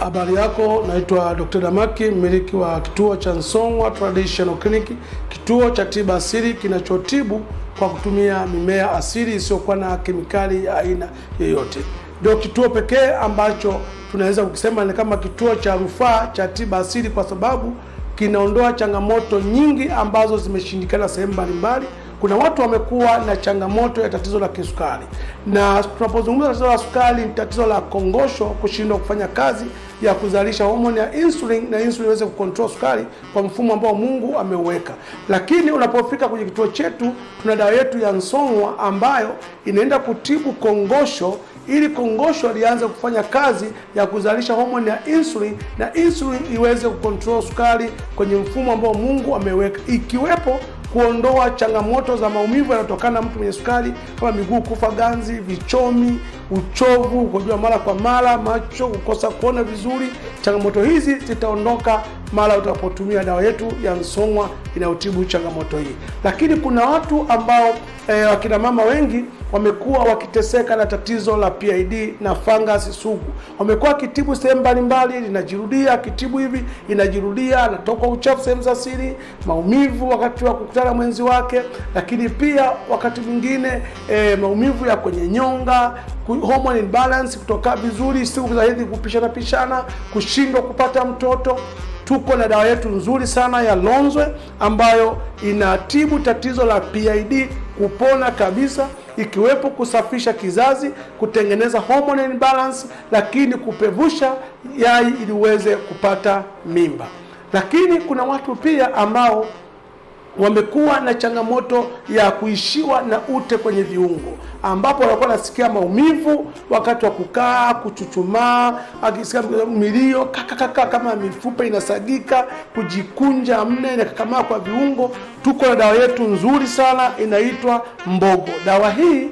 Habari yako, naitwa Dr. Damaki, mmiliki wa kituo cha Song'wa Traditional Clinic, kituo cha tiba asili kinachotibu kwa kutumia mimea asili isiyokuwa na kemikali ya aina yoyote. Ndio kituo pekee ambacho tunaweza kukisema ni kama kituo cha rufaa cha tiba asili, kwa sababu kinaondoa changamoto nyingi ambazo zimeshindikana sehemu mbalimbali. Kuna watu wamekuwa na changamoto ya tatizo la kisukari, na tunapozungumza tatizo la sukari ni tatizo la kongosho kushindwa kufanya kazi ya kuzalisha homoni ya insulin na insulin iweze kucontrol sukari kwa mfumo ambao Mungu ameuweka. Lakini unapofika kwenye kituo chetu, tuna dawa yetu ya Nsong'wa ambayo inaenda kutibu kongosho ili kongosho lianze kufanya kazi ya kuzalisha homoni ya insulin na insulin iweze kucontrol sukari kwenye mfumo ambao Mungu ameweka, ikiwepo kuondoa changamoto za maumivu yanayotokana na mtu mwenye sukari kama miguu kufa ganzi, vichomi uchovu, ukojoa mara kwa mara, macho kukosa kuona vizuri. Changamoto hizi zitaondoka mara utakapotumia dawa yetu ya Nsong'wa inayotibu changamoto hii. Lakini kuna watu ambao e, eh, wakina mama wengi wamekuwa wakiteseka na tatizo la PID na fungus sugu. Wamekuwa akitibu sehemu mbalimbali, linajirudia, akitibu hivi inajirudia, anatoka uchafu sehemu za siri, maumivu wakati wa kukutana mwenzi wake, lakini pia wakati mwingine e, maumivu ya kwenye nyonga, hormone imbalance, kutoka vizuri, siku za hedhi kupishana pishana, kushindwa kupata mtoto. Tuko na dawa yetu nzuri sana ya Lonzwe ambayo inatibu tatizo la PID kupona kabisa, ikiwepo kusafisha kizazi, kutengeneza hormone imbalance, lakini kupevusha yai ili uweze kupata mimba. Lakini kuna watu pia ambao wamekuwa na changamoto ya kuishiwa na ute kwenye viungo, ambapo wanakuwa nasikia maumivu wakati wa kukaa, kuchuchumaa, akisikia milio kakakaka, kama mifupa inasagika, kujikunja mne, inakakamaa kwa viungo. Tuko na dawa yetu nzuri sana inaitwa Mbogo. Dawa hii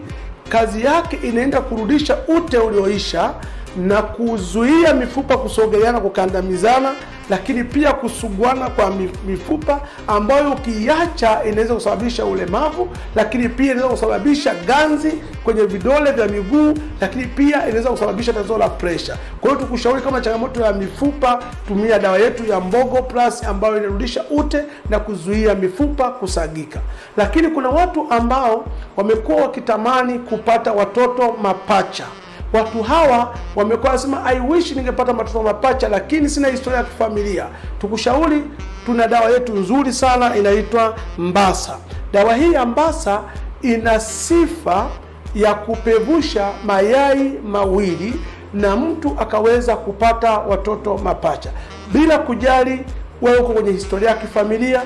kazi yake inaenda kurudisha ute ulioisha na kuzuia mifupa kusogeleana, kukandamizana, lakini pia kusuguana kwa mifupa ambayo ukiacha inaweza kusababisha ulemavu, lakini pia inaweza kusababisha ganzi kwenye vidole vya miguu, lakini pia inaweza kusababisha tatizo la presha. Kwa hiyo tukushauri kama changamoto ya mifupa, tumia dawa yetu ya Mbogo Plus ambayo inarudisha ute na kuzuia mifupa kusagika. Lakini kuna watu ambao wamekuwa wakitamani kupata watoto mapacha Watu hawa wamekuwa wanasema I wish ningepata matoto mapacha, lakini sina historia ya kifamilia. Tukushauri, tuna dawa yetu nzuri sana inaitwa Mbasa. Dawa hii ya Mbasa ina sifa ya kupevusha mayai mawili na mtu akaweza kupata watoto mapacha bila kujali wewe uko kwenye historia ya kifamilia,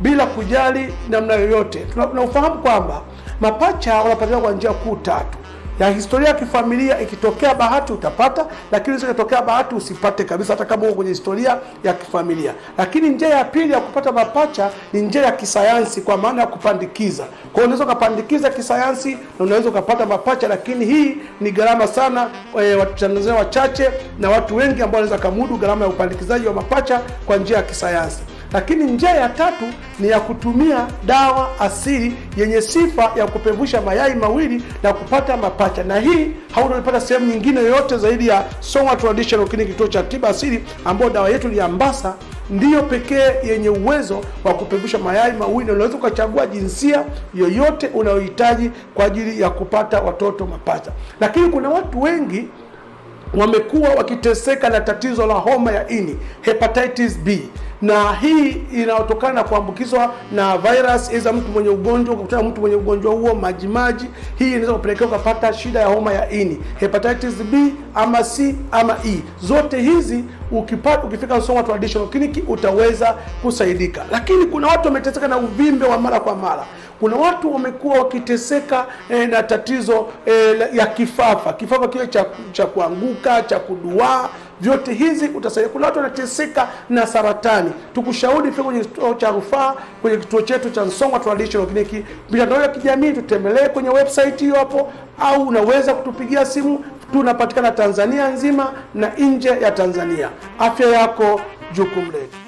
bila kujali namna yoyote. Tunaufahamu kwamba mapacha wanapatikana kwa njia kuu tatu ya historia ya kifamilia ikitokea bahati utapata, lakini ikitokea bahati usipate kabisa, hata kama uko kwenye historia ya kifamilia. Lakini njia ya pili ya kupata mapacha ni njia ya kisayansi, kwa maana ya kupandikiza. Kwa hiyo unaweza ukapandikiza kisayansi na unaweza ukapata mapacha, lakini hii ni gharama sana. E, Watanzania wachache na watu wengi ambao wanaweza kamudu gharama ya upandikizaji wa mapacha kwa njia ya kisayansi. Lakini njia ya tatu ni ya kutumia dawa asili yenye sifa ya kupevusha mayai mawili na kupata mapacha, na hii hautaipata sehemu nyingine yoyote zaidi ya Song'wa Traditional Clinic, kituo cha tiba asili, ambayo dawa yetu ni Ambasa ndiyo pekee yenye uwezo wa kupevusha mayai mawili. Unaweza ukachagua jinsia yoyote unayohitaji kwa ajili ya kupata watoto mapacha. Lakini kuna watu wengi wamekuwa wakiteseka na tatizo la homa ya ini, hepatitis B na hii inayotokana na kuambukizwa na virus, iza mtu mwenye ugonjwa ukakutana mtu mwenye ugonjwa huo majimaji, hii inaweza kupelekea ukapata shida ya homa ya ini, hepatitis B ama C ama E. Zote hizi ukipata ukifika Song'wa Traditional Clinic utaweza kusaidika. Lakini kuna watu wameteseka na uvimbe wa mara kwa mara, kuna watu wamekuwa wakiteseka eh, na tatizo eh, ya kifafa, kifafa kile cha, cha kuanguka cha kuduaa vyote hizi utasaidia. Kuna watu wanateseka na saratani, tukushauri fika kwenye kituo cha rufaa, kwenye kituo chetu cha Song'wa Traditional Clinic. Mitandao ya kijamii tutembelee kwenye website hiyo hapo, au unaweza kutupigia simu. Tunapatikana Tanzania nzima na nje ya Tanzania. Afya yako jukumu letu.